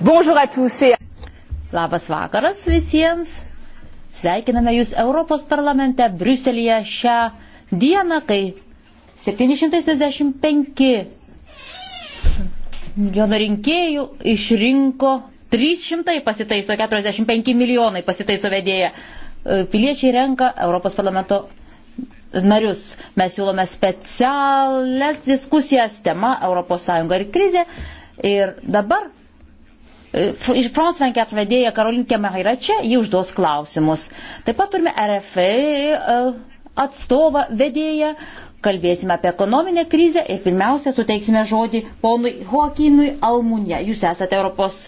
Bonjour à tous. Et... Labas vakaras visiems. Sveikiname Jūs Europos parlamente Briuselėje šią dieną, kai 765 milijono rinkėjų išrinko 300 pasitaiso, 45 milijonai pasitaiso vedėja. E, piliečiai renka Europos parlamento narius. Mes siūlome specialias diskusijas tema ES ir krizė. Ir dabar Iš France 24 vedėja Karolin Kemera yra čia, ji užduos klausimus. Taip pat turime RFA e, atstovą vedėją, kalbėsime apie ekonominę krizę ir pirmiausia suteiksime žodį ponui Joakinui Almunė. Jūs esate Europos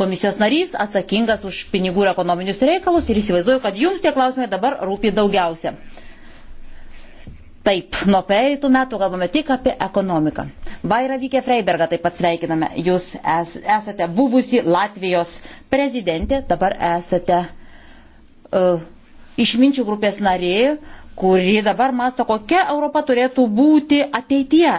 komisijos narys, atsakingas už pinigų ir ekonominius reikalus ir įsivaizduoju, kad jums tie klausimai dabar rūpi daugiausia. Taip, nuo pereitų metų kalbame tik apie ekonomiką. Vaira Vykė Freiberga taip pat sveikiname. Jūs es, esate buvusi Latvijos prezidentė, dabar esate uh, išminčių grupės narė, kuri dabar masto, kokia Europa turėtų būti ateityje.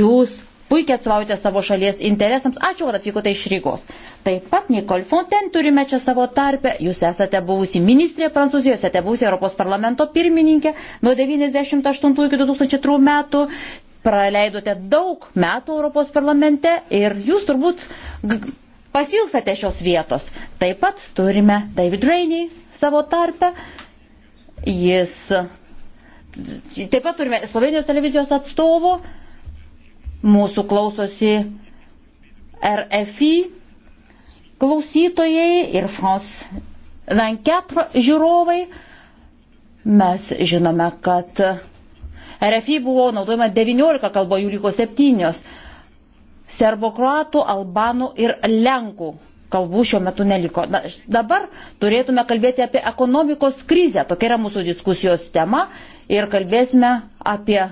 Jūs puikiai atstovaujate savo šalies interesams. Ačiū, kad atvykote iš Rygos. Taip pat Nikol Fonten turime čia savo tarpę. Jūs esate buvusi ministrė Prancūzijos, esate buvusi Europos parlamento pirmininkė nuo 1998 iki 2003 metų praleidote daug metų Europos parlamente ir jūs turbūt pasilgstate šios vietos. Taip pat turime David Rainey savo tarpę. Jis. Taip pat turime Slovenijos televizijos atstovų. Mūsų klausosi RFI klausytojai ir France 24 žiūrovai. Mes žinome, kad RFI buvo naudojama 19 kalba, jų liko 7. Serbokroatų, albanų ir lenkų kalbų šiuo metu neliko. Na, dabar turėtume kalbėti apie ekonomikos krizę. Tokia yra mūsų diskusijos tema ir kalbėsime apie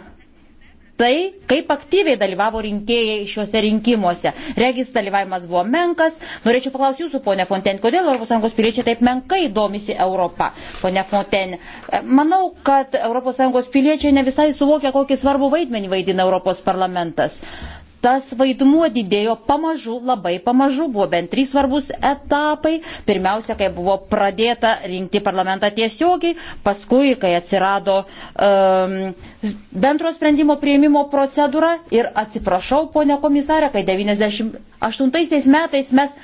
tai, kaip aktyviai dalyvavo rinkėjai šiuose rinkimuose. Regis dalyvavimas buvo menkas. Norėčiau paklausti jūsų, ponė Fonten, kodėl ES piliečiai taip menkai domisi Europą? Pone Fonten, e, manau, kad ES piliečiai ne visai suvokia, kokį svarbų vaidmenį vaidina Europos parlamentas tas vaidmuo didėjo pamažu, labai pamažu, buvo bent trys svarbus etapai. Pirmiausia, kai buvo pradėta rinkti parlamentą tiesiogiai, paskui, kai atsirado um, bendro sprendimo prieimimo procedūra ir atsiprašau, ponia komisarė, kai 98 metais mes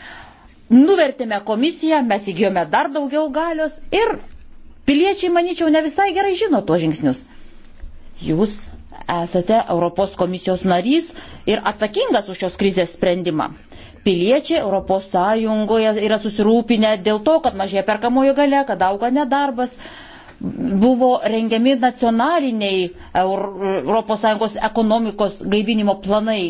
nuvertėme komisiją, mes įgyjome dar daugiau galios ir piliečiai, manyčiau, ne visai gerai žino tuos žingsnius. Jūs esate Europos komisijos narys, ir atsakingas už šios krizės sprendimą. Piliečiai ES yra susirūpinę dėl to, kad mažėja perkamojo gale, kad auga nedarbas. Buvo rengiami nacionaliniai ES ekonomikos gaivinimo planai.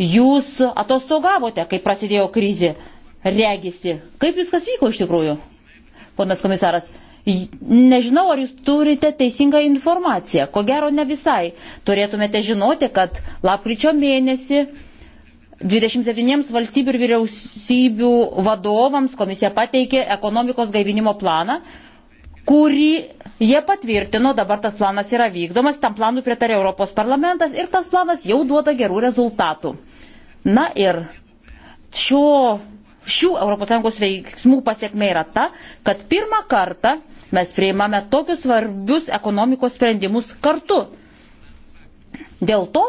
Jūs atostogavote, kai prasidėjo krizė. Regisi. Kaip viskas vyko iš tikrųjų? Ponas komisaras, Nežinau, ar jūs turite teisingą informaciją. Ko gero ne visai. Turėtumėte žinoti, kad lapkričio mėnesį 27 valstybių ir vyriausybių vadovams komisija pateikė ekonomikos gaivinimo planą, kurį jie patvirtino, dabar tas planas yra vykdomas, tam planui pritarė Europos parlamentas ir tas planas jau duoda gerų rezultatų. Na ir šio šių ES veiksmų pasiekme yra ta, kad pirmą kartą mes priimame tokius svarbius ekonomikos sprendimus kartu. Dėl to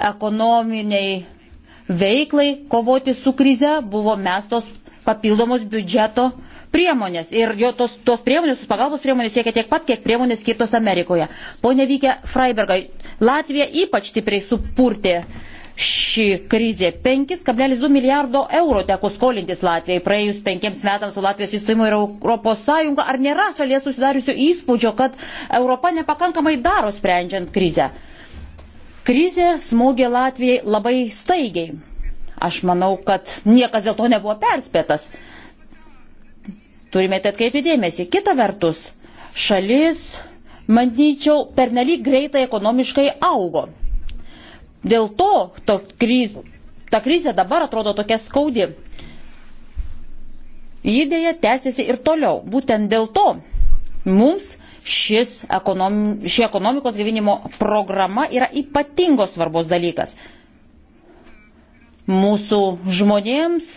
ekonominiai veiklai kovoti su krize buvo mestos papildomos biudžeto priemonės. Ir jo tos, tos priemonės, pagalbos priemonės siekia tiek pat, kiek priemonės skirtos Amerikoje. Pone Vykė Freibergai, Latvija ypač stipriai supurtė uh, ši krizė. 5,2 milijardo eurų teko skolintis Latvijai praėjus penkiems metams su Latvijos įstojimu į Europos Sąjungą. Ar nėra šalies susidariusio įspūdžio, kad Europa nepakankamai daro sprendžiant krizę? Krizė smogė Latvijai labai staigiai. Aš manau, kad niekas dėl to nebuvo perspėtas. Turime tai atkreipti dėmesį. Kita vertus, šalis, manyčiau, pernelyg greitai ekonomiškai augo dėl to to kriz, ta krizė dabar atrodo tokia skaudi. Ji dėja tęsiasi ir toliau. Būtent dėl to mums šis ekonom, ši ekonomikos gyvinimo programa yra ypatingos svarbos dalykas. Mūsų žmonėms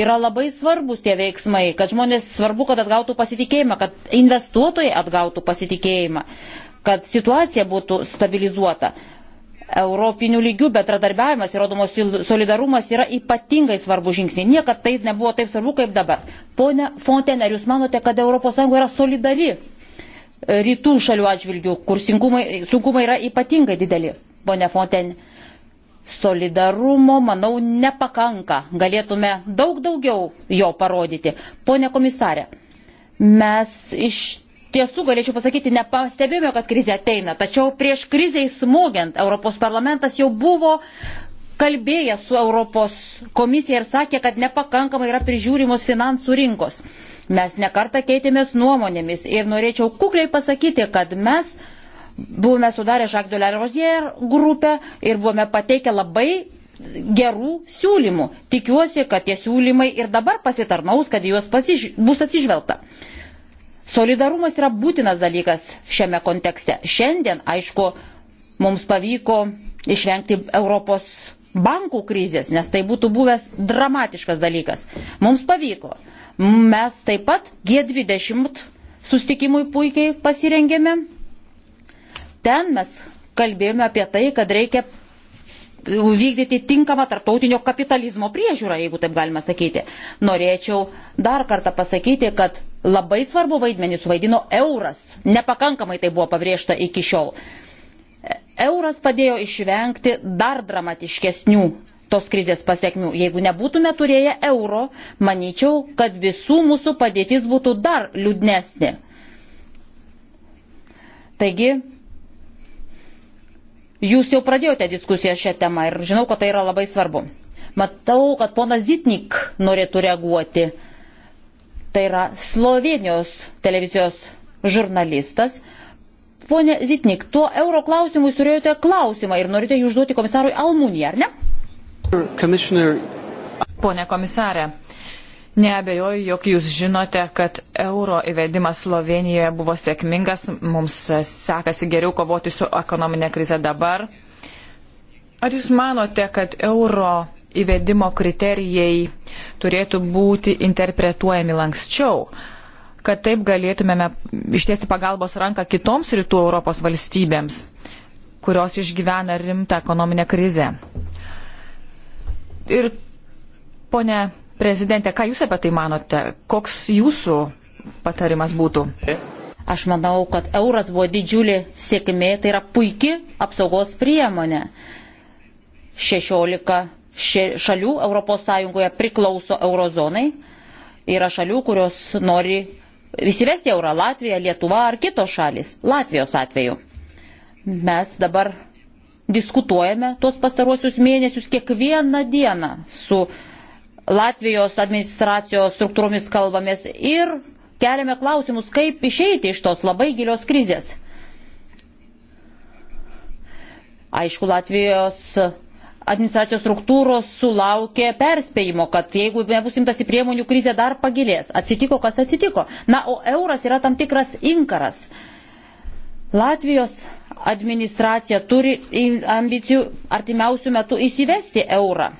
yra labai svarbus tie veiksmai, kad žmonės svarbu, kad atgautų pasitikėjimą, kad investuotojai atgautų pasitikėjimą, kad situacija būtų stabilizuota. Europinių lygių bendradarbiavimas ir rodomos solidarumas yra ypatingai svarbu žingsniai. Niekad tai nebuvo taip svarbu kaip dabar. Pone Fontener, ar jūs manote, kad ES yra solidari e, rytų šalių atžvilgių, kur sunkumai, sunkumai yra ypatingai dideli? Pone Fontener, solidarumo, manau, nepakanka. Galėtume daug daugiau jo parodyti. Pone komisarė, mes iš tiesų galėčiau pasakyti, nepastebėjome, kad krizė ateina, tačiau prieš krizę įsmogiant Europos parlamentas jau buvo kalbėjęs su Europos komisija ir sakė, kad nepakankamai yra prižiūrimos finansų rinkos. Mes nekartą keitėmės nuomonėmis ir norėčiau kukliai pasakyti, kad mes buvome sudarę Jacques Dolar Rozier grupę ir buvome pateikę labai gerų siūlymų. Tikiuosi, kad tie siūlymai ir dabar pasitarnaus, kad juos pasiž... bus atsižvelgta. Solidarumas yra būtinas dalykas šiame kontekste. Šiandien, aišku, mums pavyko išvengti Europos bankų krizės, nes tai būtų buvęs dramatiškas dalykas. Mums pavyko. Mes taip pat G20 sustikimui puikiai pasirengėme. Ten mes kalbėjome apie tai, kad reikia vykdyti tinkamą tarptautinio kapitalizmo priežiūrą, jeigu taip galima sakyti. Norėčiau dar kartą pasakyti, kad labai svarbu vaidmenį suvaidino euras. Nepakankamai tai buvo pabrėžta iki šiol. Euras padėjo išvengti dar dramatiškesnių tos krizės pasiekmių. Jeigu nebūtume turėję euro, manyčiau, kad visų mūsų padėtis būtų dar liūdnesnė. Taigi, Jūs jau pradėjote diskusiją šią temą ir žinau, kad tai yra labai svarbu. Matau, kad ponas Zitnik norėtų reaguoti. Tai yra Slovenijos televizijos žurnalistas. Pone Zitnik, tuo euro klausimui turėjote klausimą ir norite jį užduoti komisarui Almūnį, ar ne? Pone komisarė, Neabejoju, jog jūs žinote, kad euro įvedimas Slovenijoje buvo sėkmingas, mums sekasi geriau kovoti su ekonominė krize dabar. Ar jūs manote, kad euro įvedimo kriterijai turėtų būti interpretuojami lankščiau, kad taip galėtumėme ištiesti pagalbos ranką kitoms rytų Europos valstybėms, kurios išgyvena rimtą ekonominę krizę? Ir, ponė Prezidentė, ką Jūs apie tai manote? Koks Jūsų patarimas būtų? Aš manau, kad euras buvo didžiulė sėkmė, tai yra puikia apsaugos priemonė. 16 šalių ES priklauso eurozonai. Yra šalių, kurios nori įsivesti eurą Latvija, Lietuva ar kitos šalis. Latvijos atveju. Mes dabar diskutuojame tuos pastaruosius mėnesius kiekvieną dieną su uh, Latvijos administracijos struktūromis kalbamės ir keliame klausimus, kaip išeiti iš tos labai gilios krizės. Aišku, Latvijos administracijos struktūros sulaukė perspėjimo, kad jeigu nebus imtasi priemonių, krizė dar pagilės. Atsitiko, kas atsitiko. Na, o euras yra tam tikras inkaras. Latvijos administracija turi ambicijų artimiausių metų įsivesti eurą.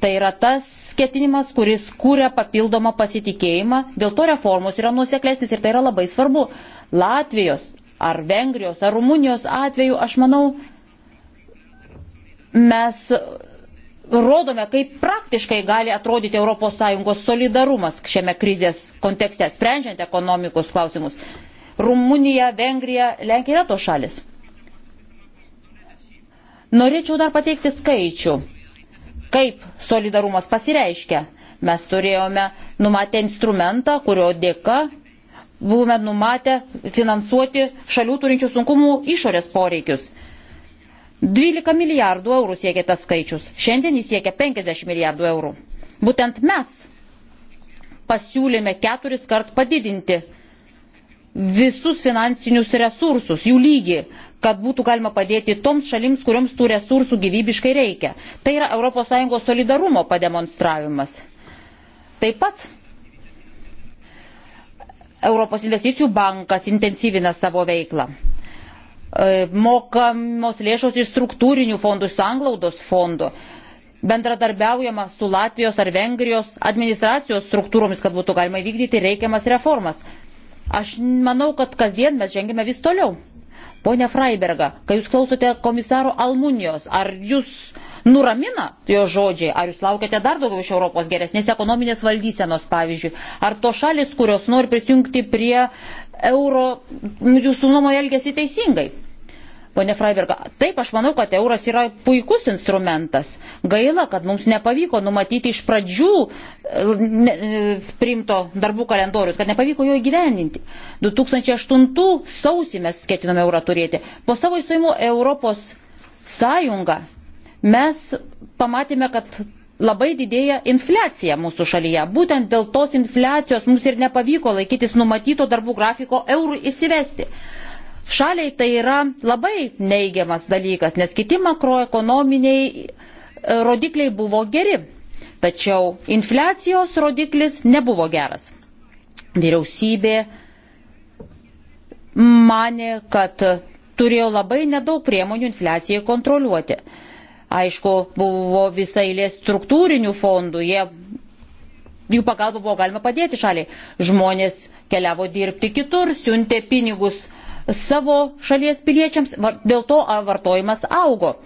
Tai yra tas ketinimas, kuris kūrė papildomą pasitikėjimą, dėl to reformos yra nuseklesnis ir tai yra labai svarbu. Latvijos ar Vengrijos ar Rumunijos atveju, aš manau, mes rodome, kaip praktiškai gali atrodyti ES solidarumas šiame krizės kontekste, sprendžiant ekonomikos klausimus. Rumunija, Vengrija, Lenkija yra tos šalis. Norėčiau dar pateikti skaičių Kaip solidarumas pasireiškia? Mes turėjome numatę instrumentą, kurio dėka buvome numatę finansuoti šalių turinčių sunkumų išorės poreikius. 12 milijardų eurų siekia tas skaičius. Šiandien jis siekia 50 milijardų eurų. Būtent mes pasiūlėme keturis kart padidinti visus finansinius resursus, jų lygį, kad būtų galima padėti toms šalims, kuriuoms tų resursų gyvybiškai reikia. Tai yra ES solidarumo pademonstravimas. Taip pat Europos investicijų bankas intensyvina savo veiklą. E, mokamos lėšos iš struktūrinių fondų, iš sanglaudos fondų. Bendradarbiaujama su Latvijos ar Vengrijos administracijos struktūromis, kad būtų galima vykdyti reikiamas reformas. Aš manau, kad kasdien mes žengime vis toliau. Pone Freiberga, kai jūs klausote komisaro Almunijos, ar jūs nuramina jo žodžiai, ar jūs laukiate dar daugiau iš Europos geresnės ekonominės valdysenos, pavyzdžiui, ar to šalis, kurios nori prisijungti prie euro, jūsų nuomoje elgesi teisingai? Pone Freiberga, taip aš manau, kad euras yra puikus instrumentas. Gaila, kad mums nepavyko numatyti iš pradžių e, ne, e, primto darbų kalendorius, kad nepavyko jo įgyvendinti. 2008 sausį mes ketinome eurą turėti. Po savo įstojimo Europos sąjungą mes pamatėme, kad labai didėja infliacija mūsų šalyje. Būtent dėl tos infliacijos mums ir nepavyko laikytis numatyto darbų grafiko eurų įsivesti. Šaliai tai yra labai neigiamas dalykas, nes kiti makroekonominiai e, rodikliai buvo geri, tačiau infliacijos rodiklis nebuvo geras. Vyriausybė mane, kad turėjo labai nedaug priemonių infliacijai kontroliuoti. Aišku, buvo visai lės struktūrinių fondų, jie, jų pagalba buvo galima padėti šaliai. Žmonės keliavo dirbti kitur, siuntė pinigus savo šalies piliečiams, dėl to vartojimas augo.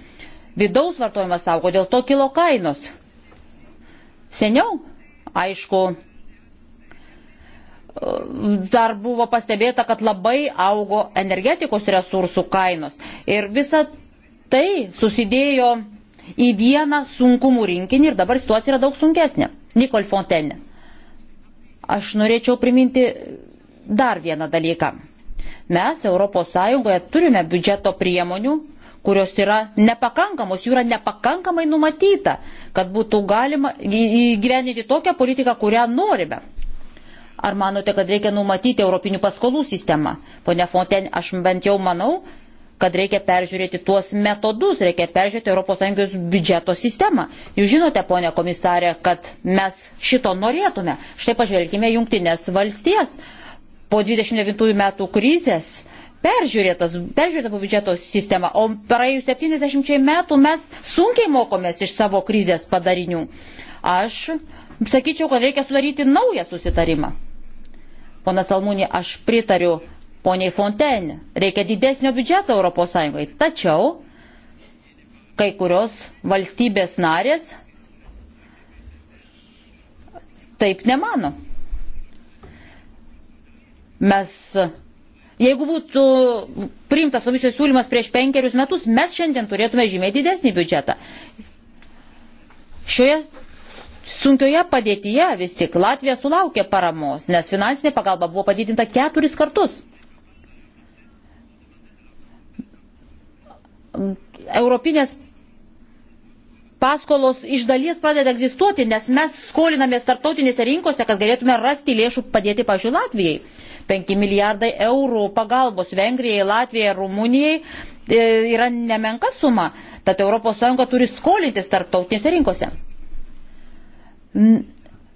Vidaus vartojimas augo, dėl to kilo kainos. Seniau, aišku, dar buvo pastebėta, kad labai augo energetikos resursų kainos. Ir visa tai susidėjo į vieną sunkumų rinkinį ir dabar situacija yra daug sunkesnė. Nikol Fontenė. Aš norėčiau priminti dar vieną dalyką. Mes ES turime biudžeto priemonių, kurios yra nepakankamos, jų yra nepakankamai numatyta, kad būtų galima gyveninti tokią politiką, kurią norime. Ar manote, kad reikia numatyti Europinių paskolų sistemą? Pone Fonten, aš bent jau manau, kad reikia peržiūrėti tuos metodus, reikia peržiūrėti ES biudžeto sistemą. Jūs žinote, ponė komisarė, kad mes šito norėtume. Štai pažvelkime Junktinės valstijas po 29 metų krizės peržiūrėtas, peržiūrėta biudžeto sistema, o praėjus 70 metų mes sunkiai mokomės iš savo krizės padarinių. Aš sakyčiau, kad reikia sudaryti naują susitarimą. Ponas Almūnė, aš pritariu poniai Fontenė, reikia didesnio biudžeto ES, tačiau kai kurios valstybės narės taip nemano. Mes, jeigu būtų priimtas komisijos siūlymas prieš penkerius metus, mes šiandien turėtume žymiai didesnį biudžetą. Šioje sunkioje padėtyje vis tik Latvija sulaukė paramos, nes finansinė pagalba buvo padidinta keturis kartus. Europinės paskolos iš dalies pradeda egzistuoti, nes mes skolinamės tarptautinėse rinkose, kad galėtume rasti lėšų padėti, pažiūrėjau, Latvijai. 5 milijardai eurų pagalbos Vengrijai, Latvijai, Rumunijai e, yra nemenka suma, tad ES turi skolintis tarptautinėse rinkose.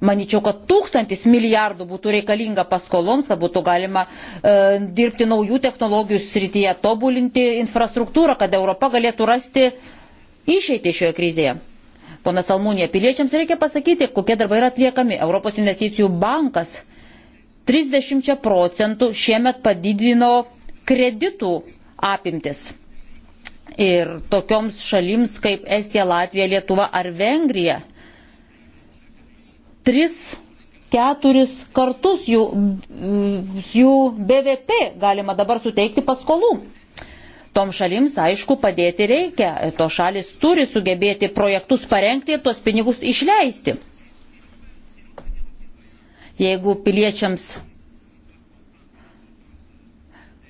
Maničiau, kad tūkstantis milijardų būtų reikalinga paskoloms, kad būtų galima e, dirbti naujų technologijų srityje, tobulinti infrastruktūrą, kad Europa galėtų rasti išeitį šioje krizėje. Ponas Almūnė, piliečiams reikia pasakyti, kokie darbai yra atliekami. Europos investicijų bankas 30 procentų šiemet padidino kreditų apimtis. Ir tokioms šalims kaip Estija, Latvija, Lietuva ar Vengrija 3-4 kartus jų, jų BVP galima dabar suteikti paskolų. Tom šalims, aišku, padėti reikia. To šalis turi sugebėti projektus parengti ir tuos pinigus išleisti. Jeigu piliečiams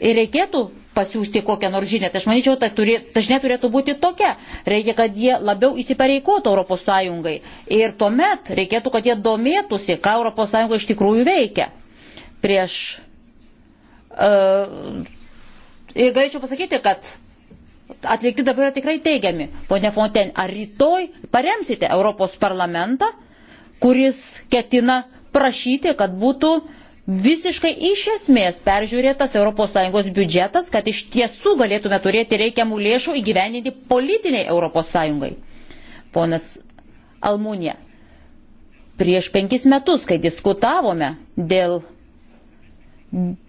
ir reikėtų pasiūsti kokią nors žinę. Tai aš manyčiau, ta, turė, ta žinia turėtų būti tokia. Reikia, kad jie labiau įsipareikotų ES. Ir tuomet reikėtų, kad jie domėtųsi, ką ES iš tikrųjų veikia. Prieš uh, Ir galėčiau pasakyti, kad atlikti dabar yra tikrai teigiami. Pone Fonten, ar rytoj paremsite Europos parlamentą, kuris ketina prašyti, kad būtų visiškai iš esmės peržiūrėtas ES biudžetas, kad iš tiesų galėtume turėti reikiamų lėšų įgyveninti politiniai ES. Ponas Almūnė, prieš penkis metus, kai diskutavome dėl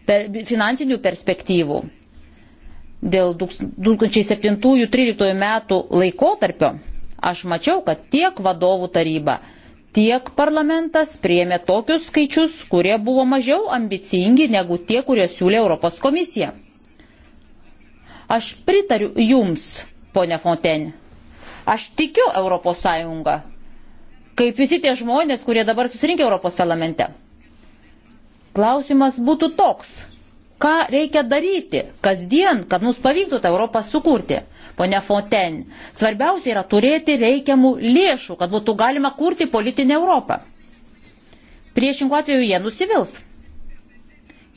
finansinių perspektyvų, dėl 2007-2013 metų laikotarpio aš mačiau, kad tiek vadovų taryba, tiek parlamentas priėmė tokius skaičius, kurie buvo mažiau ambicingi negu tie, kurie siūlė Europos komisija. Aš pritariu Jums, ponia Fontenė. Aš tikiu Europos Sąjungą, kaip visi tie žmonės, kurie dabar susirinkė Europos parlamente. Klausimas būtų toks ką reikia daryti kasdien, kad mums pavyktų tą Europą sukurti. Pone Fonten, svarbiausia yra turėti reikiamų lėšų, kad būtų galima kurti politinę Europą. Priešingų atveju jie nusivils.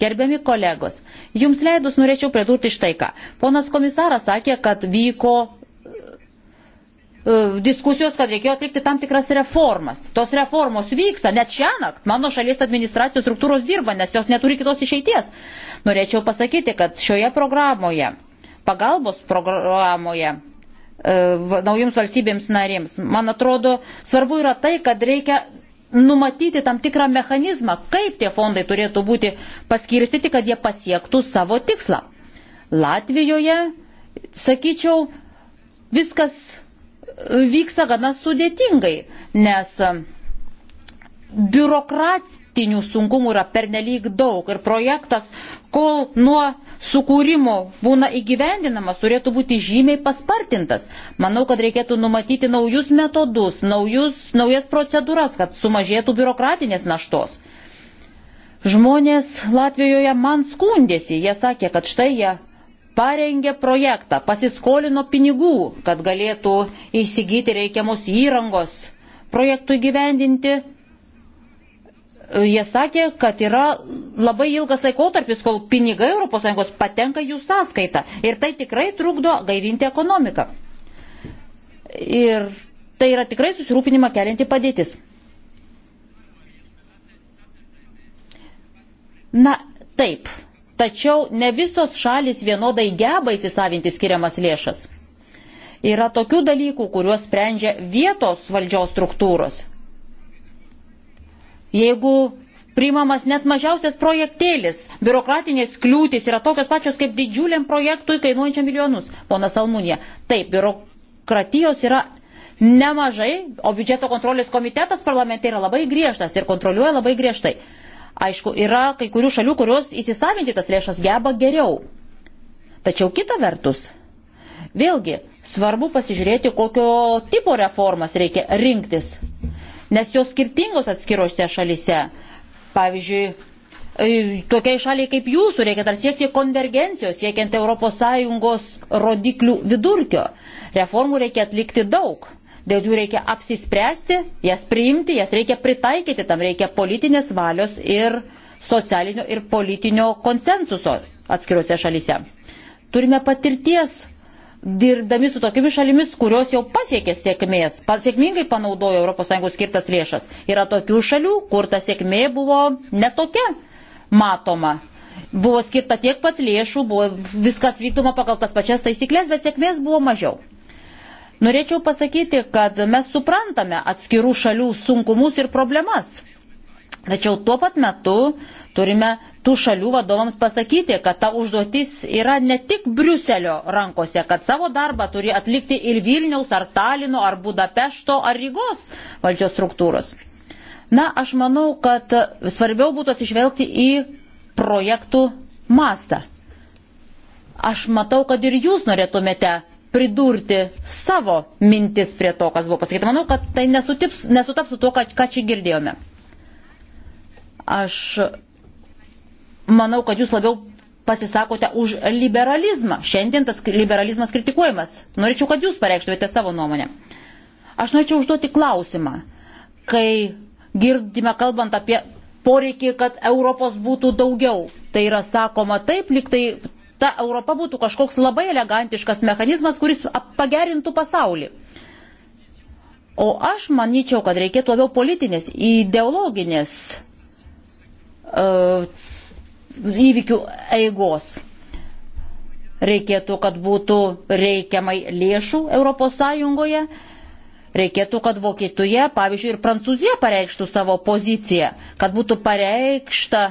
Gerbiami kolegos, jums leidus norėčiau pridurti štai ką. Ponas komisaras sakė, kad vyko e, diskusijos, kad reikėjo atlikti tam tikras reformas. Tos reformos vyksta, net šią naktį mano šalies administracijos struktūros dirba, nes jos neturi kitos išeities. Norėčiau pasakyti, kad šioje programoje, pagalbos programoje, e, naujoms valstybėms narims. Man atrodo, svarbu yra tai, kad reikia numatyti tam tikrą mechanizmą, kaip tie fondai turėtų būti paskirstyti, kad jie pasiektų savo tikslą. Latvijoje, sakyčiau, viskas e, vyksta gana sudėtingai, nes e, biurokratinių sunkumų yra pernelyg daug ir projektas kol nuo sukūrimo būna įgyvendinamas, turėtų būti žymiai paspartintas. Manau, kad reikėtų numatyti naujus metodus, naujus, naujas procedūras, kad sumažėtų biurokratinės naštos. Žmonės Latvijoje man skundėsi, jie sakė, kad štai jie parengė projektą, pasiskolino pinigų, kad galėtų įsigyti reikiamos įrangos projektų gyvendinti, jie sakė, kad yra labai ilgas laikotarpis, kol pinigai ES patenka jų sąskaitą. Ir tai tikrai trukdo gaivinti ekonomiką. Ir tai yra tikrai susirūpinimą kelianti padėtis. Na, taip. Tačiau ne visos šalis vienodai geba įsisavinti skiriamas lėšas. Yra tokių dalykų, kuriuos sprendžia vietos valdžios struktūros Jeigu priimamas net mažiausias projektėlis, biurokratinės kliūtis yra tokios pačios kaip didžiuliam projektui kainuojančiam milijonus, ponas Almunija. Taip, biurokratijos yra nemažai, o biudžeto kontrolės komitetas parlamente yra labai griežtas ir kontroliuoja labai griežtai. Aišku, yra kai kurių šalių, kurios įsisavinti tas lėšas geba geriau. Tačiau kita vertus, vėlgi, svarbu pasižiūrėti, kokio tipo reformas reikia rinktis nes jos skirtingos atskirose šalise. Pavyzdžiui, e, tokiai šaliai kaip jūsų reikia dar siekti konvergencijos, siekiant ES rodiklių vidurkio. Reformų reikia atlikti daug. Dėl jų reikia apsispręsti, jas priimti, jas reikia pritaikyti, tam reikia politinės valios ir socialinio ir politinio konsensuso atskiruose šalyse. Turime patirties dirbdami su tokiamis šalimis, kurios jau pasiekė sėkmės, sėkmingai panaudojo ES skirtas lėšas. Yra tokių šalių, kur ta sėkmė buvo netokia matoma. Buvo skirta tiek pat lėšų, buvo viskas vykdoma pagal tas pačias taisyklės, bet sėkmės buvo mažiau. Norėčiau pasakyti, kad mes suprantame atskirų šalių sunkumus ir problemas. Tačiau tuo pat metu turime tų šalių vadovams pasakyti, kad ta užduotis yra ne tik Briuselio rankose, kad savo darbą turi atlikti ir Vilniaus, ar Talino, ar Budapešto, ar Rygos valdžios struktūros. Na, aš manau, kad svarbiau būtų atsižvelgti į projektų mastą. Aš matau, kad ir jūs norėtumėte pridurti savo mintis prie to, kas buvo pasakyta. Manau, kad tai nesutips, nesutaps su to, ką, ką čia girdėjome. Aš manau, kad jūs labiau pasisakote už liberalizmą. Šiandien tas liberalizmas kritikuojamas. Norėčiau, kad jūs pareikštumėte savo nuomonę. Aš norėčiau užduoti klausimą, kai girdime kalbant apie poreikį, kad Europos būtų daugiau. Tai yra sakoma taip, lyg tai ta Europa būtų kažkoks labai elegantiškas mechanizmas, kuris pagerintų pasaulį. O aš manyčiau, kad reikėtų labiau politinės, ideologinės Uh, įvykių eigos. Reikėtų, kad būtų reikiamai lėšų ES, reikėtų, kad Vokietija, pavyzdžiui, ir Prancūzija pareikštų savo poziciją, kad būtų pareikšta,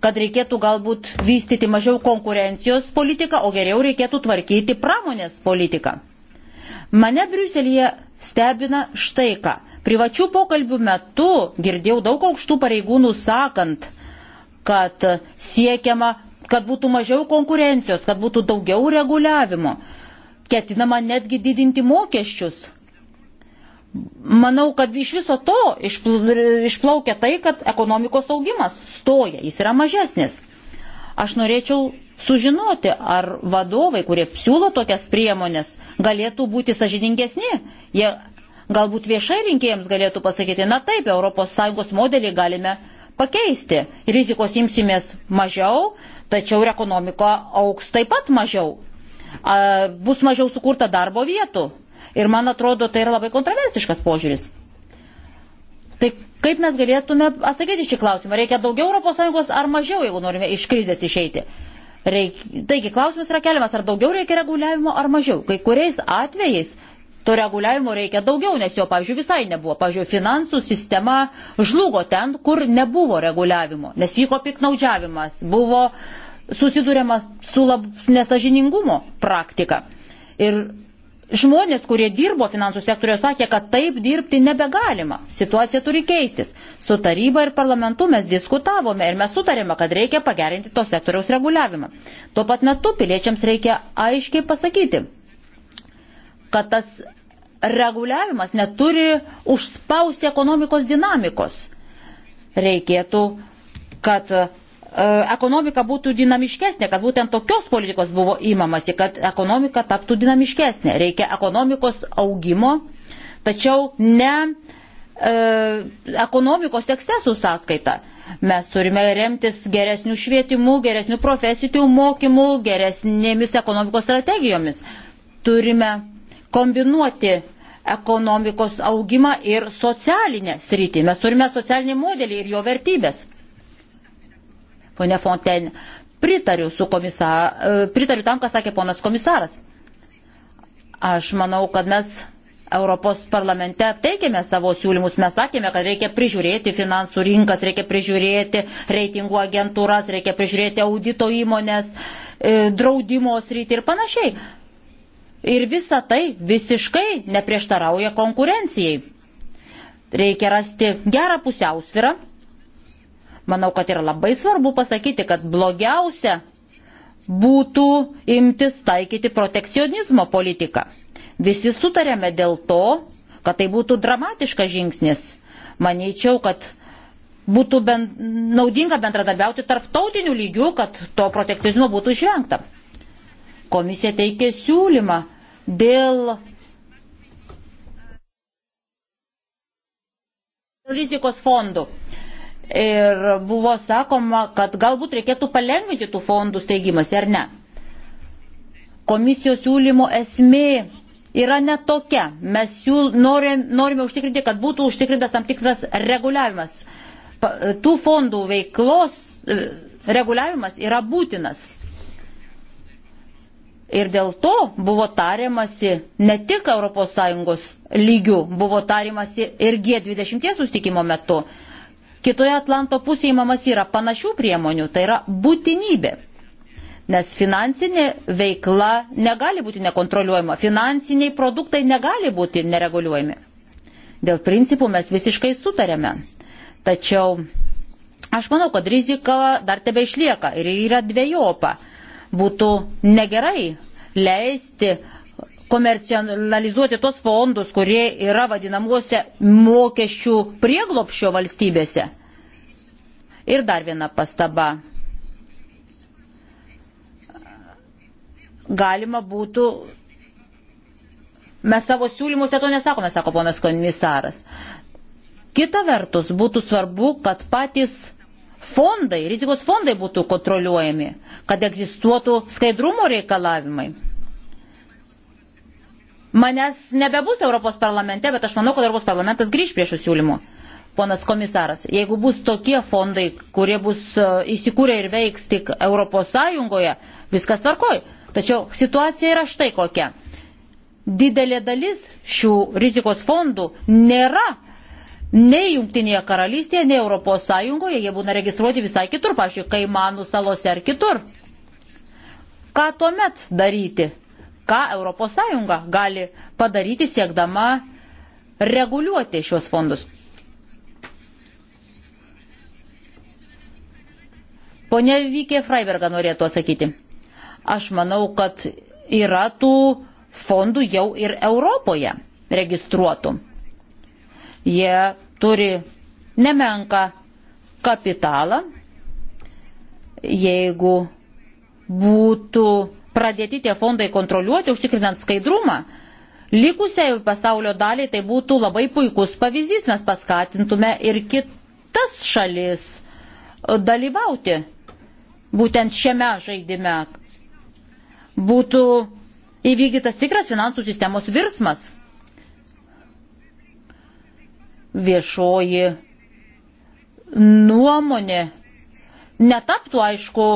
kad reikėtų galbūt vystyti mažiau konkurencijos politiką, o geriau reikėtų tvarkyti pramonės politiką. Mane Briuselėje stebina štai ką. Privačių pokalbių metu girdėjau daug aukštų pareigūnų sakant, kad siekiama, kad būtų mažiau konkurencijos, kad būtų daugiau reguliavimo. Ketinama netgi didinti mokesčius. Manau, kad iš viso to išplaukia tai, kad ekonomikos augimas stoja, jis yra mažesnis. Aš norėčiau sužinoti, ar vadovai, kurie siūlo tokias priemonės, galėtų būti sažiningesni. Jie Galbūt viešai rinkėjams galėtų pasakyti, na taip, ES modelį galime pakeisti. Rizikos imsimės mažiau, tačiau ir ekonomika auks taip pat mažiau. A, bus mažiau sukurta darbo vietų. Ir man atrodo, tai yra labai kontroversiškas požiūris. Tai kaip mes galėtume atsakyti šį klausimą? Reikia daugiau ES ar mažiau, jeigu norime iš krizės išeiti? Reik... Taigi klausimas yra keliamas, ar daugiau reikia reguliavimo ar mažiau. Kai kuriais atvejais to reguliavimo reikia daugiau, nes jo, pavyzdžiui, visai nebuvo. Pavyzdžiui, finansų sistema žlugo ten, kur nebuvo reguliavimo, nes vyko piknaudžiavimas, buvo susidūrėma su lab... nesažiningumo praktika. Ir žmonės, kurie dirbo finansų sektoriuje, sakė, kad taip dirbti nebegalima. Situacija turi keistis. Su taryba ir parlamentu mes diskutavome ir mes sutarėme, kad reikia pagerinti to sektoriaus reguliavimą. Tuo pat metu piliečiams reikia aiškiai pasakyti, kad tas reguliavimas neturi užspausti ekonomikos dinamikos. Reikėtų, kad e, ekonomika būtų dinamiškesnė, kad būtent tokios politikos buvo įmamasi, kad ekonomika taptų dinamiškesnė. Reikia ekonomikos augimo, tačiau ne e, ekonomikos ekscesų sąskaita. Mes turime remtis geresnių švietimų, geresnių profesijų mokymų, geresnėmis ekonomikos strategijomis. Turime kombinuoti ekonomikos augimą ir socialinę sritį. Mes turime socialinį modelį ir jo vertybės. Pone Fonten, pritariu, komisar, e, pritariu tam, ką sakė ponas komisaras. Aš manau, kad mes Europos parlamente teikėme savo siūlymus, mes sakėme, kad reikia prižiūrėti finansų rinkas, reikia prižiūrėti reitingų agentūras, reikia prižiūrėti audito įmonės, e, draudimo sritį ir panašiai. Ir visa tai visiškai neprieštarauja konkurencijai. Reikia rasti gerą pusiausvyrą. Manau, kad yra labai svarbu pasakyti, kad blogiausia būtų imtis taikyti protekcionizmo politiką. Visi sutarėme dėl to, kad tai būtų dramatiškas žingsnis. Manyčiau, kad būtų ben, naudinga bendradarbiauti tarptautiniu lygiu, kad to protekcionizmo būtų išvengta. Komisija teikė siūlymą dėl rizikos fondų. Ir buvo sakoma, kad galbūt reikėtų palengvinti tų fondų steigimas, ar ne? Komisijos siūlymo esmė yra netokia. Mes jų norim, norime užtikrinti, kad būtų užtikrintas tam tikras reguliavimas. Tų fondų veiklos e, reguliavimas yra būtinas. Ir dėl to buvo tariamasi ne tik ES lygių, buvo tariamasi ir G20 sustikimo metu. Kitoje Atlanto pusėje įmamas yra panašių priemonių, tai yra būtinybė. Nes finansinė veikla negali būti nekontroliuojama, finansiniai produktai negali būti nereguliuojami. Dėl principų mes visiškai sutarėme. Tačiau aš manau, kad rizika dar tebe išlieka ir yra dviejopa būtų negerai leisti komercializuoti tos fondus, kurie yra vadinamuose mokesčių prieglopščio valstybėse. Ir dar viena pastaba. Galima būtų. Mes savo siūlymuose to nesakome, sako ponas komisaras. Kita vertus, būtų svarbu, kad patys fondai, rizikos fondai būtų kontroliuojami, kad egzistuotų skaidrumo reikalavimai. Manęs nebebus Europos parlamente, bet aš manau, kad Europos parlamentas grįž prie šių siūlymų. Ponas komisaras, jeigu bus tokie fondai, kurie bus e, įsikūrę ir veiks tik Europos Sąjungoje, viskas tvarkoj. Tačiau situacija yra štai kokia. Didelė dalis šių rizikos fondų nėra Nei Junktinėje karalystėje, nei Europos Sąjungoje jie būna registruoti visai kitur, pažiūrėjau, Kaimanų salose ar kitur. Ką tuomet daryti? Ką Europos Sąjunga gali padaryti siekdama reguliuoti šios fondus? Pone Vykė Freiberga norėtų atsakyti. Aš manau, kad yra tų fondų jau ir Europoje registruotų. Jie turi nemenka kapitalą. Jeigu būtų pradėti tie fondai kontroliuoti, užtikrinant skaidrumą, likusiai pasaulio daliai tai būtų labai puikus pavyzdys, mes paskatintume ir kitas šalis e, dalyvauti būtent šiame žaidime. Būtų įvykdytas tikras finansų sistemos virsmas viešoji nuomonė netaptų, aišku,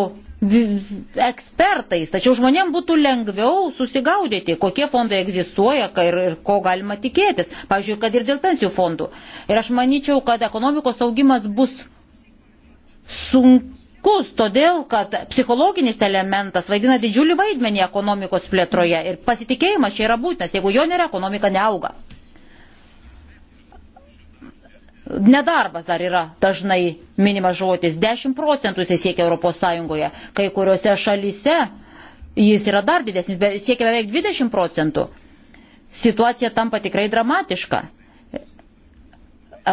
ekspertais, tačiau žmonėm būtų lengviau susigaudyti, kokie fondai egzistuoja ir, ir ko galima tikėtis. Pavyzdžiui, kad ir dėl pensijų fondų. Ir aš manyčiau, kad ekonomikos augimas bus sunkus, todėl kad psichologinis elementas vaidina didžiulį vaidmenį ekonomikos plėtroje ir pasitikėjimas čia yra būtinas, jeigu jo nėra, ekonomika neauga. Nedarbas dar yra dažnai minimas žodis. 10 procentų jis siekia ES. Kai kuriuose šalyse jis yra dar didesnis, be, siekia beveik 20 procentų. Situacija tampa tikrai dramatiška.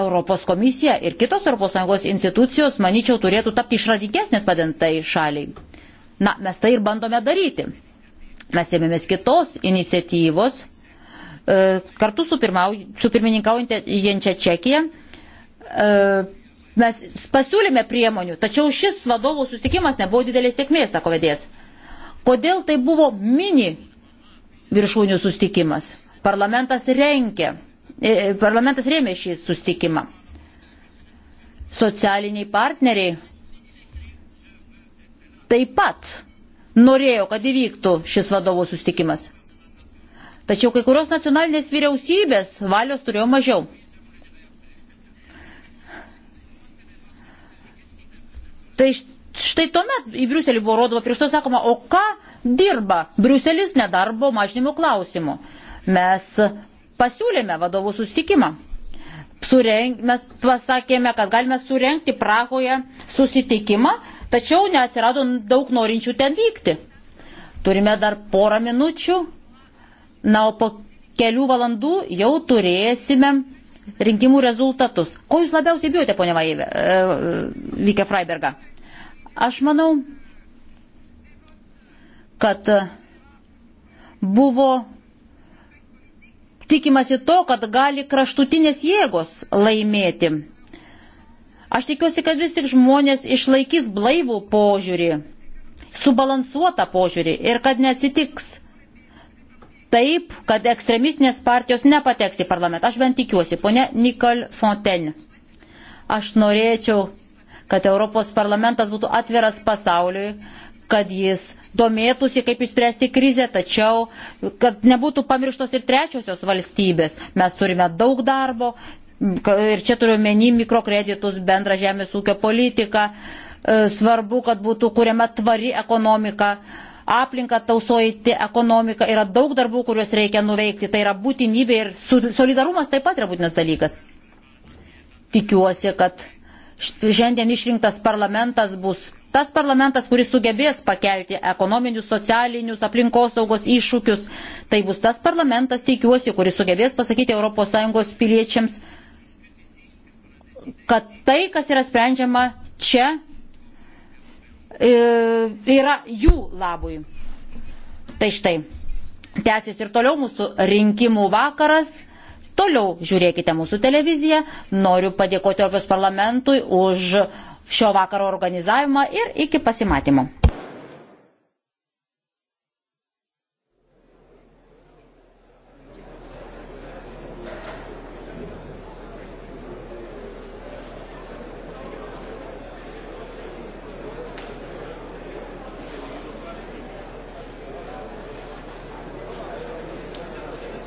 Europos komisija ir kitos ES institucijos, manyčiau, turėtų tapti išradikesnės padentai šaliai. Na, mes tai ir bandome daryti. Mes ėmėmės kitos iniciatyvos. E, kartu su, pirmau, su pirmininkaujančia Čekija E, mes pasiūlėme priemonių, tačiau šis vadovų susitikimas nebuvo didelės sėkmės, sako vedės. Kodėl tai buvo mini viršūnių susitikimas? Parlamentas renkė, e, e, parlamentas rėmė šį susitikimą. Socialiniai partneriai taip pat norėjo, kad įvyktų šis vadovų susitikimas. Tačiau kai kurios nacionalinės vyriausybės valios turėjo mažiau. Tai štai tuomet į Briuselį buvo rodoma prieš to tai sakoma, o ką dirba Briuselis nedarbo mažinimo klausimu. Mes pasiūlėme vadovų susitikimą. Sureng, mes pasakėme, kad galime surenkti Prahoje susitikimą, tačiau neatsirado daug norinčių ten vykti. Turime dar porą minučių, na, o po kelių valandų jau turėsime rinkimų rezultatus. Ko jūs labiausiai bijote, ponia Vaivė, e, e Vykė Freiberga? Aš manau, kad buvo tikimasi to, kad gali kraštutinės jėgos laimėti. Aš tikiuosi, kad vis tik žmonės išlaikys blaivų požiūrį, subalansuotą požiūrį ir kad neatsitiks taip, kad ekstremistinės partijos nepateks į parlamentą. Aš bent tikiuosi, ponia Nikol Fontaine. Aš norėčiau kad Europos parlamentas būtų atviras pasauliui, kad jis domėtųsi, kaip išspręsti krizę, tačiau, kad nebūtų pamirštos ir trečiosios valstybės. Mes turime daug darbo ir čia turiu meni mikrokreditus, bendrą žemės ūkio politiką, e, svarbu, kad būtų kuriama tvari ekonomika. Aplinka tausojanti ekonomika yra daug darbų, kuriuos reikia nuveikti. Tai yra būtinybė ir solidarumas taip pat yra būtinas dalykas. Tikiuosi, kad šiandien išrinktas parlamentas bus tas parlamentas, kuris sugebės pakelti ekonominius, socialinius, aplinkosaugos iššūkius. Tai bus tas parlamentas, tikiuosi, kuris sugebės pasakyti ES piliečiams, kad tai, kas yra sprendžiama čia, e, yra jų labui. Tai štai. Tęsis ir toliau mūsų rinkimų vakaras. Toliau žiūrėkite mūsų televiziją. Noriu padėkoti Europos parlamentui už šio vakaro organizavimą ir iki pasimatymo.